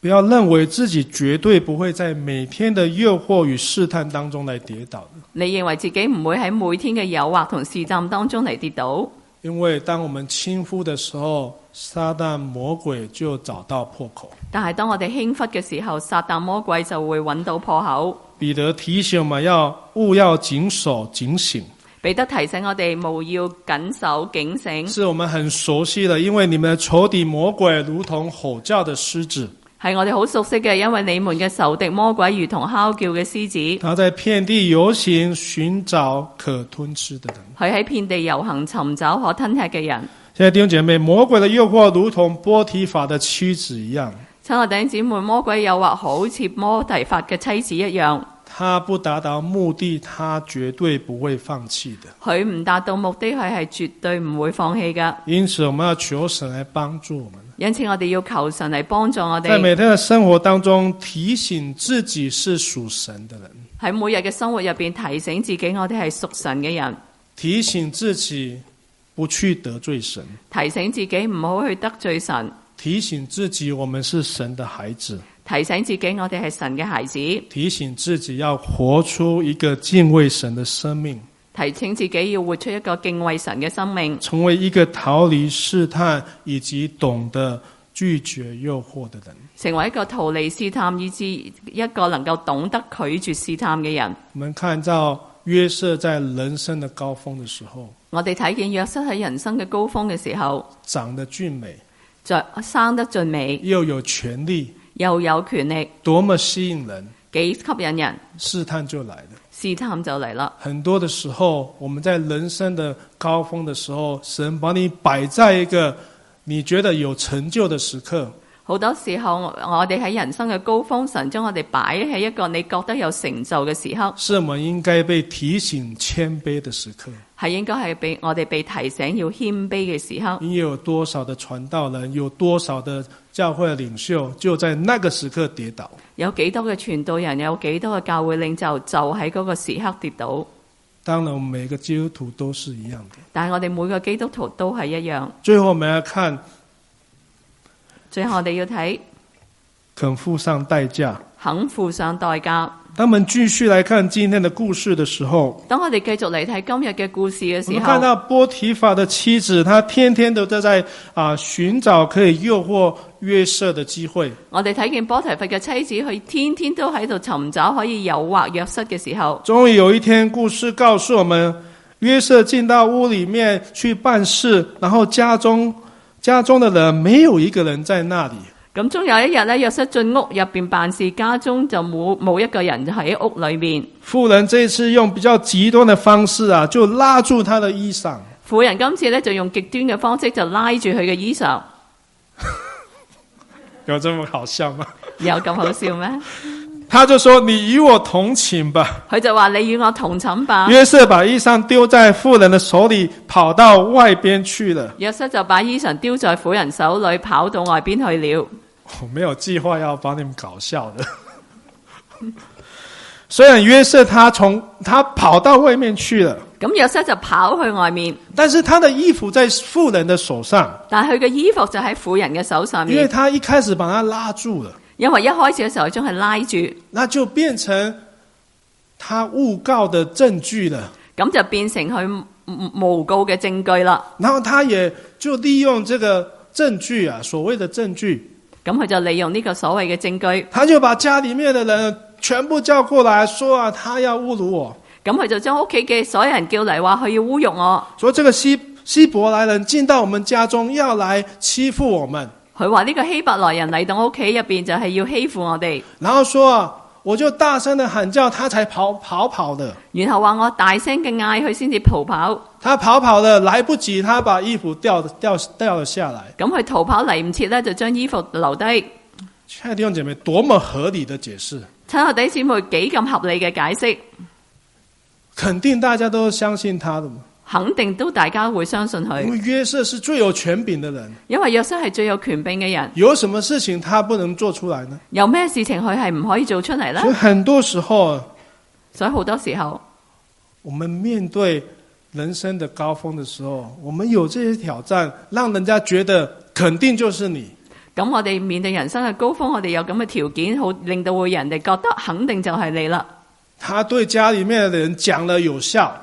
A: 不要認為自己絕對不會在每天的誘惑與試探當中嚟跌倒。
B: 你認為自己唔會喺每天嘅誘惑同試探當中嚟跌倒？因為當
A: 我們輕忽的時候，撒旦魔鬼就找到破口。
B: 但係當我哋輕忽嘅時候，撒旦魔鬼就會揾到破口。
A: 彼得提醒我們要，要務要謹守警醒。
B: 彼得提醒我哋，務要謹守警醒。是
A: 我們很熟悉的，因為你們仇敵魔鬼如同吼叫的獅子。
B: 係我哋好熟悉嘅，因為你們嘅仇敵魔鬼如同吼叫嘅獅子。他
A: 在遍地遊行尋找可吞吃的人。
B: 佢喺遍地遊行尋找可吞吃嘅人。
A: 現在弟兄姐妹，魔鬼的誘惑如同波提法的妻子一樣。
B: 親愛的姊妹，魔鬼誘惑好似波提法嘅妻子一樣。他不達到目的，
A: 他絕對不會放棄的。
B: 佢唔達到目的，佢係絕對唔會放棄噶。
A: 因此，我們要求神來幫助我們。
B: 因此，我哋要求神嚟幫助我哋。在每天
A: 嘅生活當中，提醒自己是屬神的人。
B: 喺每日嘅生活入邊，提醒自己我哋係屬神嘅人。提醒自己不去得罪神。提醒自己唔好去得罪神。提醒自己，我們是神的孩子。提醒自己，我哋係神嘅孩子。提
A: 醒自己要活出一個敬畏神的生命。
B: 提醒自己要活出一個敬畏神嘅生命，
A: 成為一個逃離試探以及懂得拒絕誘惑的人，
B: 成為一個逃離試探以至一個能夠懂得拒絕試探嘅人。
A: 我們看到約瑟在人生
B: 的高峰嘅時候，我哋睇見約瑟喺人生嘅高峰嘅時候，長得俊美，著生得俊美，又有權力，又有權力，多麼吸引人，幾吸引人，試探就來了。試探就嚟啦！
A: 很多嘅時候，我們在人生嘅高峰嘅時候，神把你擺在一個你覺得有成就嘅時刻。
B: 好多時候，我哋喺人生嘅高峰神將我哋擺喺一個你覺得有成就嘅時刻，是
A: 我們應該被提醒謙卑嘅時刻。
B: 係應該係俾我哋被提醒要謙卑嘅
A: 時候。你有多少嘅傳道人？有多少嘅。教會領袖就在那個時刻跌倒，
B: 有幾多嘅傳道人，有幾多嘅教會領袖，就喺嗰個時刻跌倒。
A: 當然，每個基督徒都是一樣嘅，
B: 但係我哋每個基督徒都係一樣。
A: 最後我們要看，
B: 最後我哋要睇，
A: 肯付上代價，
B: 肯付上代價。
A: 他們繼續來看今天的故事的時候，
B: 等我哋繼續嚟睇今日嘅故事嘅時候，我們看到
A: 波提法的妻子，她天天都在啊尋找可以誘惑約瑟的機會。
B: 我哋睇見波提法嘅妻子，佢天天都喺度尋找可以誘惑約瑟嘅時候。
A: 終於有一天，故事告訴我們，約瑟進到屋裏面去辦事，然後家中家中的人沒有一個人在那裏。
B: 咁終有一日咧，約瑟進屋入邊辦事，家中就冇冇一個人喺屋裏面。婦人這次
A: 用比較極端的方式啊，就拉住他的衣裳。
B: 婦人今次咧就用極端嘅方式就拉住佢嘅衣裳。
A: [laughs] 有這麼好笑嗎？
B: 有咁好笑咩？
A: 他就說：你與我同寢吧。
B: 佢就話：你與我同寢吧。約瑟
A: 把衣裳丟在婦人的手裏，跑到外邊去了。
B: 約瑟就把衣裳丟在婦人手裏，跑到外邊去了。我沒有計劃要
A: 幫你們搞笑的。 [laughs] 雖然約瑟他從他跑到外面去了，
B: 咁約瑟就跑去外面，但是他的衣服在婦人的手上，但係佢嘅衣服就喺婦人嘅手上面，因為他
A: 一開始把他拉住了，
B: 因為一開始嘅時候將佢拉住，那就變成
A: 他誣告
B: 的證據了，咁就變成佢誣告嘅證據了。然後他也就利用這個證據啊，所謂的證據。咁佢就利用呢個所謂嘅證據，
A: 他就把家裏面嘅人全部叫過嚟，說啊，他要侮辱我。
B: 咁佢就將屋企嘅所有人叫嚟，話佢要侮辱我。
A: 所以，這個希希伯來人進到我們家中，要來欺負我們。
B: 佢話呢個希伯來人嚟到屋企入邊，就係要欺負我哋。
A: 然後說啊。我就大聲地喊叫，他才跑跑跑的。然
B: 後話我大聲嘅嗌佢，先至逃跑。他跑跑了，來不及，他把衣服掉
A: 掉掉了下
B: 來。咁佢逃跑嚟唔切咧，就將衣服留低。親愛的弟兄姐
A: 妹，多麼合理的解釋！
B: 親愛的弟兄姐妹，幾咁合理嘅解釋？肯定大家都相信他的嘛。肯定都大家都會相信佢。因為約瑟是最有權柄的人。因為約瑟係最有權柄嘅人。有什麼事情他不能做出來呢？有咩事情佢係唔可以做出來呢？所以很
A: 多時候，
B: 所以好多時候，
A: 我們面對人生的高峰的時候，我們有這些挑戰，讓人家覺得肯定就是你。
B: 咁我哋面對人生嘅高峰，我哋有咁嘅條件，好令到人哋覺得肯定就係你啦。他對家裏面嘅人講了有效。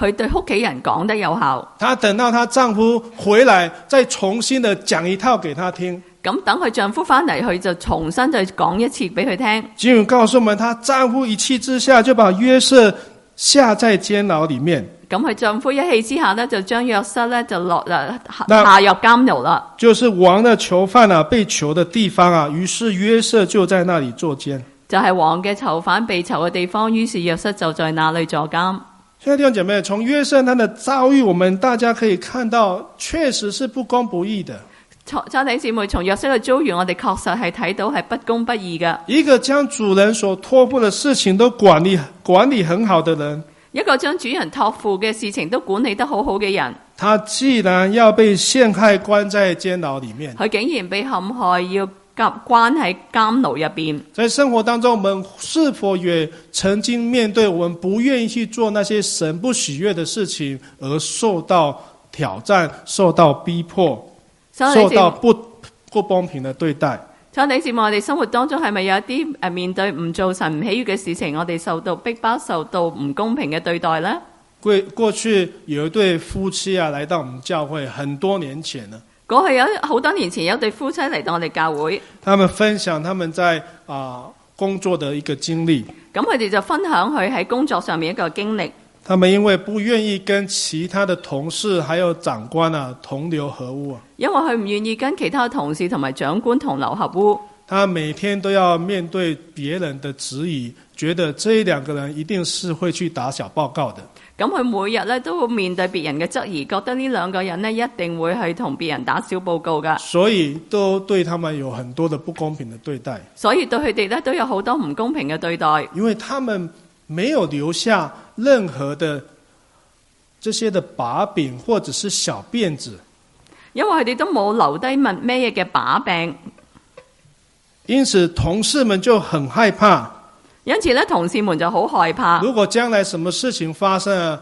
B: 佢對屋企人講得有效。她等到她丈夫回來，再重新的講一套給她聽。咁等佢丈夫翻嚟，佢就重新再講一次俾佢聽。
A: 經文告訴我們，她丈夫一氣之下就把約瑟下在監牢裏面。
B: 咁佢丈夫一氣之下咧，就將約瑟咧就落下下入監牢啦。
A: 就是王的囚犯啊，被囚的地方啊。於是約瑟就在那裏坐監。
B: 就係、是、王嘅囚犯被囚嘅地方，於是約瑟就在那裏坐監。
A: 所以弟兄姐妹，從約瑟他的遭遇，我們大家可以看到，確實是不公不義的。
B: 兄弟姊妹，從約瑟的遭遇，我哋確實係睇到係不公不義嘅。
A: 一個將主人所託付嘅事情都管理管理很好的人，
B: 一個將主人托付嘅事情都管理得好好嘅人，
A: 他既然要被陷害，關在監牢裏面，
B: 佢竟然被陷害要。關喺監牢入邊。在生
A: 活當中，我們是否也曾經面對我們不願意去做那些神不喜悦的事情，而受到挑戰、受到逼迫、
B: 受到
A: 不不公平的對待？
B: 所以試問，我哋生活當中係咪有一啲誒面對唔做神唔喜悦嘅事情，我哋受到逼迫、受到唔公平嘅對待呢？
A: 過過去有一對夫妻啊，來到我們教會很多年前啦。
B: 過去有好多年前有一對夫妻嚟到我哋教會，
A: 他們分享他們在啊、呃、工作的一個經歷。
B: 咁佢哋就分享佢喺工作上面一個經歷。
A: 他們因為不願意跟其他的同事還有長官啊同流合污，
B: 因為佢唔願意跟其他同事同埋長官同流合污。他每天都
A: 要面對別人的質疑，覺得這兩個人一定是會去打小報告的。
B: 咁佢每日咧都會面對別人嘅質疑，覺得呢兩個人咧一定會係同別人打小報告噶，所
A: 以都對他們
B: 有很多嘅不公平嘅對待，所以對佢哋咧都有好多唔公平嘅對待，因
A: 為他們沒有留下任何的這些的把柄，或者是小辮子，
B: 因為佢哋都冇留低乜嘢嘅把柄，
A: 因此同事們就很害怕。
B: 因此咧，同事們就好害怕。如果將來什麼事情發生啊，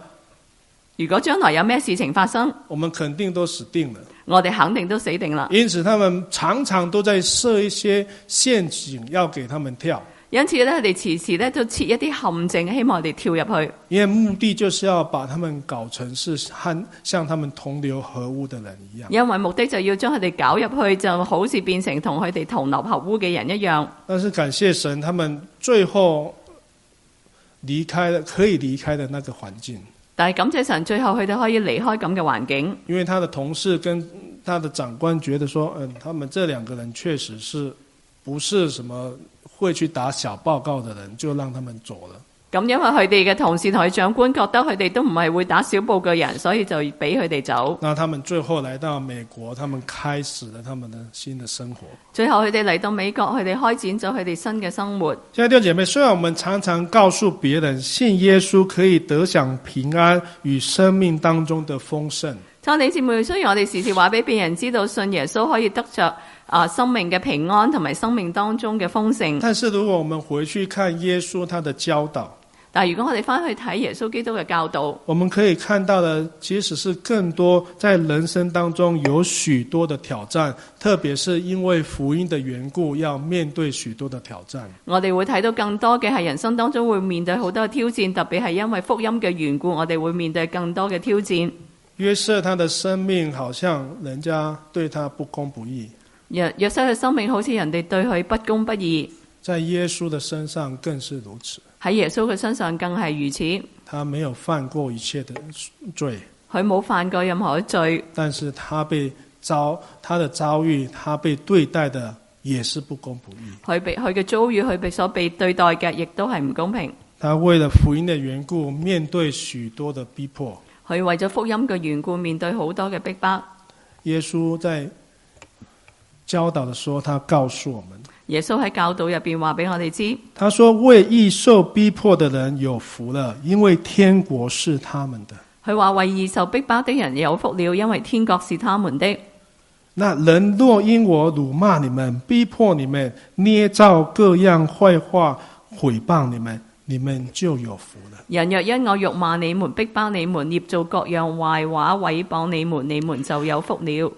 B: 如果將來有咩事情發生，我們肯定都死定了。我哋肯定都死定了。
A: 因此，他們常常都在設一些陷阱，要給他們跳。
B: 因此咧，佢哋時時咧都設一啲陷阱，希望我哋跳入去。因為
A: 目的就是要把他們搞成是和像他們同流合汙的人一樣。
B: 因為目的就要將佢哋搞入去，就好似變成跟他們同佢哋同流合汙嘅人一樣。
A: 但是感謝神，他們。最後離開了可以離開的那個環境，
B: 但係感謝神，最後佢哋可以離開咁嘅環境。因為他的同事跟
A: 他的長官覺得說，嗯，他們這兩個人確實是不是什麼會去打小報告的人，就讓他們走了。
B: 咁因為佢哋嘅同事同佢長官覺得佢哋都唔係會打小報嘅人，所以就俾佢哋走。那他們最後來到美國，他們開始了他們的新的生活。最後佢哋嚟到美國，佢哋開展咗佢哋新嘅生活。
A: 現在弟兄姐妹，雖然我們常常告訴別人信耶穌可以得享平安與生命當中的豐盛，
B: 弟兄姐妹，雖然我哋時時話俾別人知道信耶穌可以得着啊生命嘅平安同埋生命當中嘅豐盛，但
A: 是如果我們回去看耶穌，他的教導。
B: 嗱，如果我哋翻去睇耶穌基督嘅教導，
A: 我們可以看到嘅，其實是更多在人生當中有許多的挑戰，特別是因為福音的緣故，要面對許多的挑戰。
B: 我哋會睇到更多嘅係人生當中會面對好多嘅挑戰，特別係因為福音嘅緣故，我哋會面對更多嘅挑戰。
A: 約瑟他的生命好像人家對他不公不義，
B: 約瑟嘅生命好似人哋對佢不公不義，在耶穌的身上更是如此。喺耶穌嘅身上更係如此，他沒
A: 有犯過一切的罪，
B: 佢冇犯過任何罪，
A: 但是他被遭他的遭遇，他被對待的也是不公不義，
B: 佢被佢嘅遭遇，佢被所被對待嘅亦都係唔公平。
A: 他為了福音的緣故，面對許多的逼迫，
B: 佢為咗福音嘅緣故，面對好多嘅逼迫，迫。
A: 耶穌在教導的時候，他告訴我們。
B: 耶穌喺教導入邊話俾我哋知，
A: 他說，為義受逼迫的人有福了，因為天國是他們的。
B: 佢話為義受逼迫的人有福了，因為天國是他們的。
A: 那人若因我辱罵你們、逼迫你們、捏造各樣壞話毀謗你們，你們就有福
B: 了。人若因我辱罵你們、逼迫你們、捏造各樣壞話毀謗你們，你們就有福了。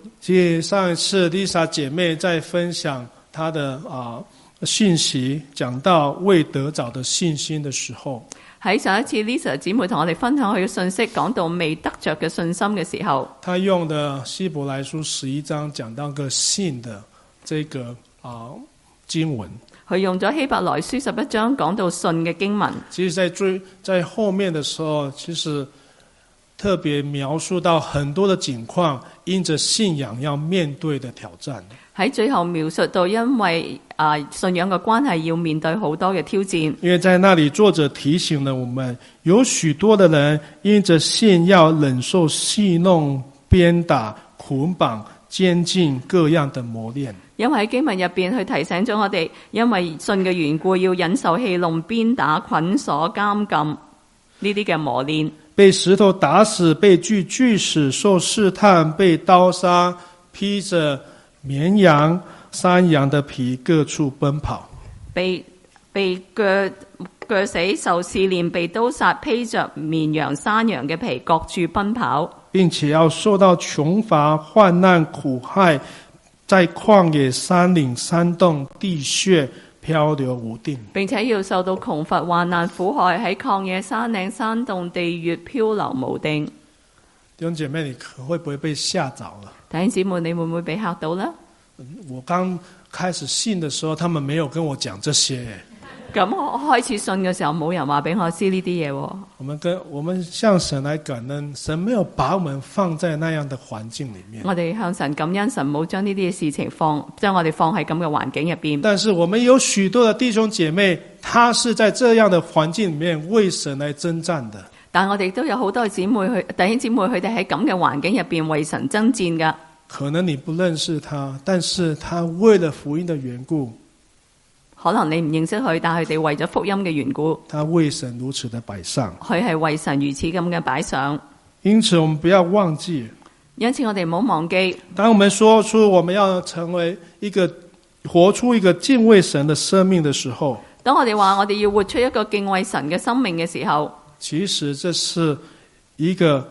A: 上一次麗莎姐妹在分享。他的啊，信息講到未得着的信心的時候，
B: 喺上一次 Lisa 姊妹同我哋分享佢嘅信息，講到未得着嘅信心嘅時候，
A: 他用的希伯來書十一章講到個信的這個啊經文，
B: 佢用咗希伯來書十一章講到信嘅經文。其實，在最在後面嘅時候，
A: 其實特別描述到很多嘅情況，因着信仰要面對嘅挑戰。
B: 喺最後描述到，因為啊信仰嘅關係，要面對好多嘅挑戰。
A: 因為在那裏，作者提醒了我們，有許多的人因着信，要忍受戲弄、鞭打、捆綁、監禁各樣的磨練。
B: 因為喺經文入邊佢提醒咗我哋，因為信嘅緣故，要忍受戲弄、鞭打、捆鎖、監禁呢啲嘅磨練。
A: 被石頭打死，被鋸鋸死，受試探，被刀殺，披着，綿羊、山羊的皮各處奔跑，
B: 被被鋸鋸死，受試煉，被刀殺，披着綿羊、山羊嘅皮各處奔跑，
A: 並且要受到窮乏、患難、苦害，在曠野、山嶺、山洞、地穴漂流無定，
B: 並且要受到窮乏、患難、苦害，喺曠野、山嶺、山洞、地穴漂流無定。弟兄姐妹，你可會不會被嚇着了，啊？弟兄姊妹，你會唔會俾吓到呢？
A: 我剛開始信的時候，他們沒有跟我講這些。
B: 咁 [laughs] 我開始信嘅時候，冇人話俾我知呢啲嘢。我
A: 們跟我們向神來感恩，神沒有把我們放在那樣的環境裏面。我哋
B: 向神感恩，神冇將呢啲事情放，將我哋放喺咁嘅環境入邊。但是
A: 我們有許多的弟兄姐妹，他是在這樣的環境裏面為神來征戰的。
B: 但我哋都有好多姐妹去弟兄姊妹佢哋喺咁嘅環境入邊為神爭戰噶。可
A: 能你不認識他，但是他為了福音的緣故。
B: 可能你唔認識佢，但係佢哋為咗福音嘅緣故。他為神如此嘅擺上。佢係為神如此咁嘅擺上。
A: 因此我們不要忘記。
B: 因此我哋唔好忘記。
A: 當我們說出我們要成為一個活出一個敬畏神嘅生命嘅時候，
B: 當我哋話我哋要活出一個敬畏神嘅生命嘅時候。其實這
A: 是一個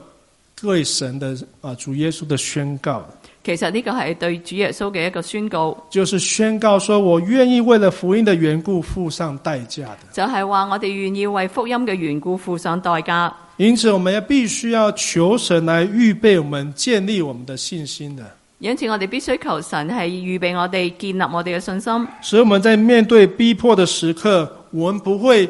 A: 對神的啊主耶穌的宣告。
B: 其實呢個係對主耶穌嘅一個宣告。
A: 就是宣告說我願意為了福音的緣故付上代價的。
B: 就係話我哋願意為福音嘅緣故付上代價。
A: 因此，我們要必須要求神來預備我們建立我們的信心的。
B: 因此，我哋必須求神係預備我哋建立我哋嘅信心。
A: 所以，我們在面對逼迫的時刻，我們不會。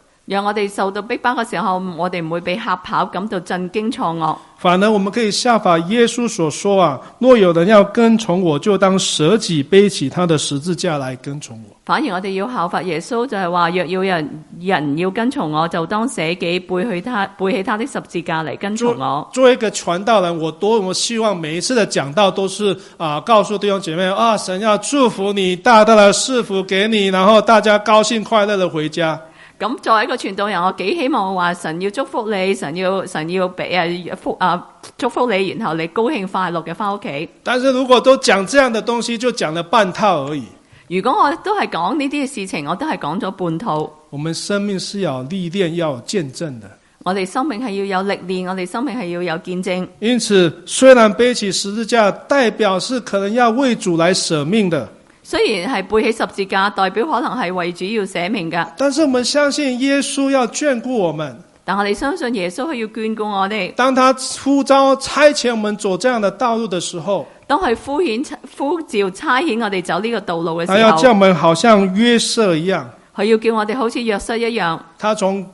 B: 讓我哋受到逼迫嘅時候，我哋唔會被吓跑，感到震驚錯愕。
A: 反而我們可以效法耶穌所說啊，若有人要跟從我，就當捨己背起他的十字架來跟從我。
B: 反而我哋要效法耶穌就是說，就係話若要人人要跟從我，就當捨己背去他背起他的十字架嚟跟從我。
A: 作為一個傳道人，我多麼希望每一次的講道都是啊、呃，告訴弟兄姐妹啊，神要祝福你，大大的賜福給你，然後大家高興快樂的回家。
B: 咁作為一個傳道人，我幾希望話神要祝福你，神要神要俾啊福啊祝福你，然後你高興快樂嘅返屋企。但是如果都講這樣的東西，就講咗半套而已。如果我都係講呢啲嘅事情，我都係講咗半套。我們生命是要歷練，要見證的。我哋生命係要有歷練，我哋生命係要有見證。
A: 因此，雖然背起十字架，代表是可能要為主來捨命的。
B: 雖然係背起十字架，代表可能係為主要捨命嘅。但是我們相信耶穌要眷顧我們。但我哋相信耶穌佢要眷顧我哋。當他呼
A: 召差遣我們走這樣的道路的時候，
B: 當佢敷衍、呼召、差遣我哋走呢個道路嘅時候，佢要叫
A: 我們好像約瑟一樣，
B: 佢要叫我哋好似約瑟一樣。
A: 他從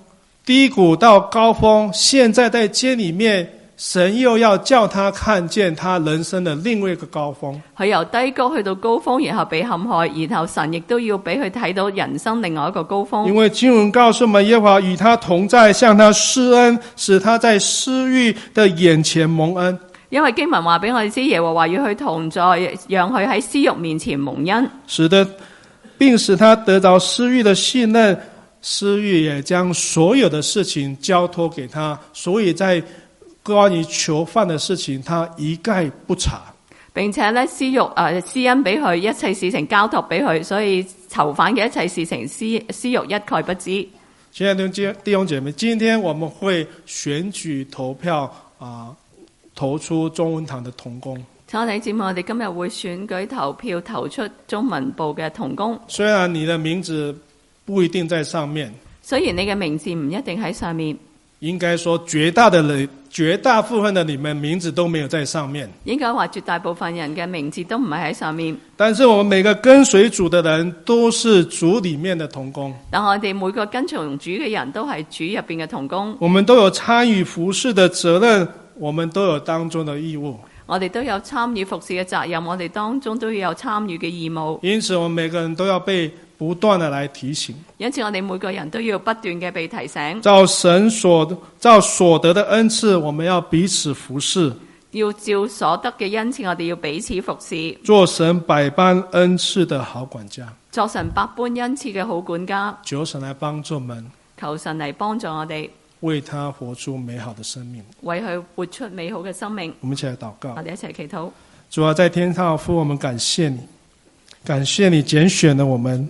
A: 低谷到高峰，現在在監裏面。神又要叫他看見他人生的另外一個高峰，
B: 佢由低谷去到高峰，然後被陷害，然後神亦都要俾佢睇到人生另外一個高峰。因為
A: 經文告訴我們，耶和華與他同在，向他施恩，使他在私欲的眼前蒙恩。
B: 因為經文話俾我哋知，耶和華與佢同在，讓佢喺私欲面前蒙恩，
A: 使得並使他得到私欲的信任，私欲也將所有的事情交託給他，所以在。關於囚犯的事情，他一概不查，
B: 並且呢，私慾啊、呃、私恩，俾佢一切事情交託俾佢，所以囚犯嘅一切事情私私慾一概不知。
A: 親愛的弟兄姐妹，今天我們會選舉投票啊，投出中文堂的同工。
B: 親愛姐妹，我哋今日會選舉投票，投出中文部嘅同工。雖然你的名字不一定在上面，雖然你嘅名字唔一定喺上面。
A: 應該說，絕大的人、絕大部分的你們名字都沒有在上面。
B: 應該話，絕大部分人嘅名字都唔係喺上面。
A: 但是，我們每個跟隨主的人，都是主裏面的同工。
B: 但，我哋每個跟隨主嘅人都係主入邊嘅同工。
A: 我們都有參與服侍的責
B: 任，我們都有當中的義務。我哋都有參與服侍嘅責任，我哋當中都要有參與嘅義務。因此，我們每個人都要被。不斷地來提醒，因此我哋每個人都要不斷嘅被提醒。照
A: 神所照所得的恩賜，我們要彼此服侍。
B: 要照所得嘅恩賜，我哋要彼此服侍。
A: 作神百般恩賜的好管家，
B: 作神百般恩賜嘅好管家。
A: 求神來幫助我們，
B: 求神嚟幫助我哋，
A: 為他活出美好的生命，
B: 為佢活出美好嘅生命。我們一齊來禱告，我哋一齊祈禱。
A: 主啊，在天上父，我們感謝你，感謝你揀選了我們，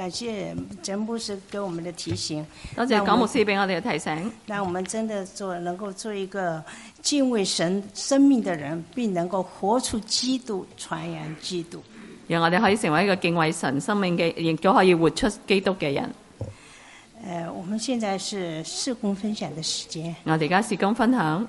C: 感謝講牧師給我們的提醒。多謝講牧師俾我哋嘅提醒。那我們真的做能夠做一個敬畏神生命的人，並能夠活出基督、
B: 傳揚基督。讓我哋可以成為一個敬畏神生命嘅，亦都可以活出基督嘅人。
C: 誒、呃，我們現在是事工分享的時間。
B: 我哋而家事工分享。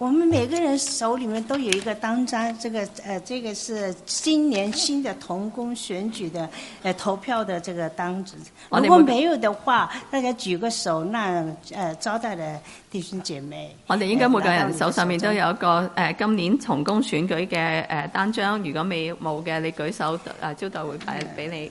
C: 我們每個人手裏面都有一個單張，這個呃，這個是今年新的同工選舉的呃投票的這個單子。如果沒有的話，大家舉個手，那呃招待的弟兄姐妹。我哋應該每個人手上面都有
B: 一個誒、嗯呃，今年同工選舉嘅誒單張。如果未冇嘅，你舉手，誒招待會派俾你。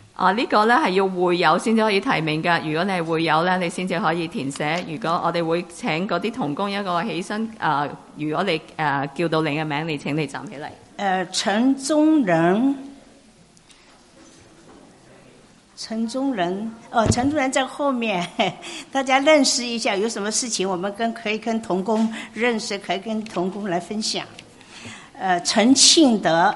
B: 啊！這個、呢個咧係要會友先至可以提名嘅。如果你係會友咧，你先至可以填寫。如果我哋會請嗰啲童工一個起身，啊、呃！如果你、呃、叫到你嘅名，你請你站起嚟。
C: 誒、呃，陳宗仁，陳宗仁，哦，陳宗仁在後面，大家認識一下，有什麼事情，我們跟可以跟童工認識，可以跟童工來分享。呃，陳慶德。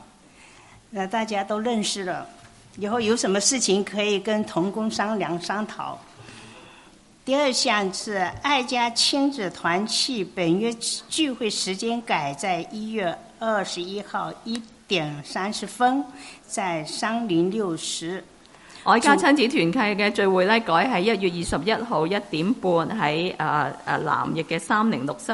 C: 那大家都認識了，以後有什麼事情可以跟同工商量商討。第二項是愛家親子團契本月聚會時間改在一月二十一號一點三十分，
B: 在三零六室。愛家親子團契嘅聚會咧，改喺一月二十一號一點半喺啊、啊南翼嘅三零六室。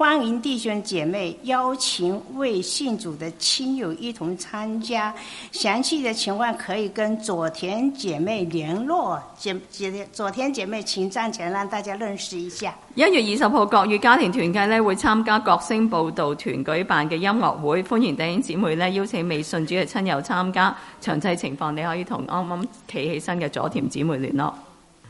C: 歡迎弟兄姐妹邀請未信主的親友一同參加，詳細的情況可以跟佐田姐妹聯絡。姐姐，佐田姐妹請站前讓大家認識一下。
B: 一月二十號國語家庭團契咧會參加國聲報道團舉辦嘅音樂會，歡迎弟兄姊妹咧邀請未信主嘅親友參加。詳細情況你可以同啱啱企起身嘅佐田姊妹聯絡。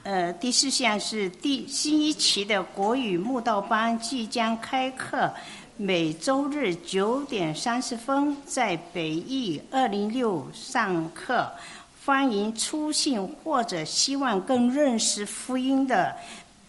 C: 呃，第四項是第新一期的國語慕道班即將開課，每周日九點三十分在北翼二零六上課。歡迎初信或者希望更認識福音的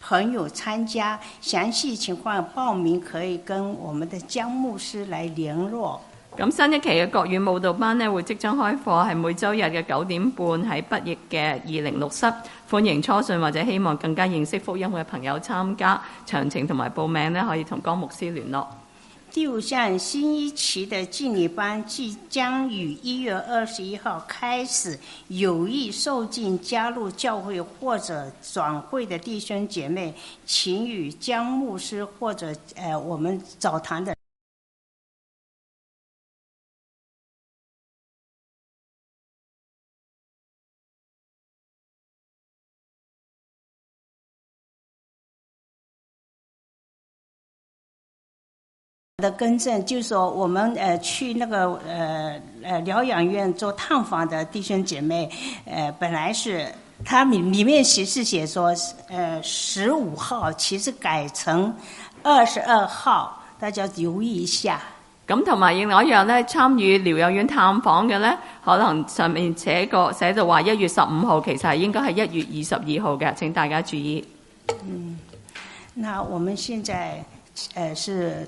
C: 朋友參加。詳細情況報名可以跟我們的江牧師來聯絡。
B: 咁新一期嘅國語慕道班呢，會即將開課，係每周日嘅九點半喺北翼嘅二零六室。歡迎初信或者希望更加認識福音嘅朋友參加，詳情同埋報名呢，可以同江牧師聯絡。
C: 第五項，新一期的紀念班，即將於一月二十一號開始，有意受浸加入教會或者轉會的弟兄姐妹，請與江牧師或者誒、呃、我們早堂的。的更正就是說，我們呃去那個呃呃療養院做探訪的弟兄姐妹，呃本來是它裏裏面其實寫說呃十五號，其實改成二十
B: 二號，大家留意一下。咁同埋另外一樣呢，參與療養院探訪嘅呢，可能上面寫個寫到話一月十五號，其實係應該係一月二十二號嘅，請大家注意。嗯，
C: 那我們現在呃是。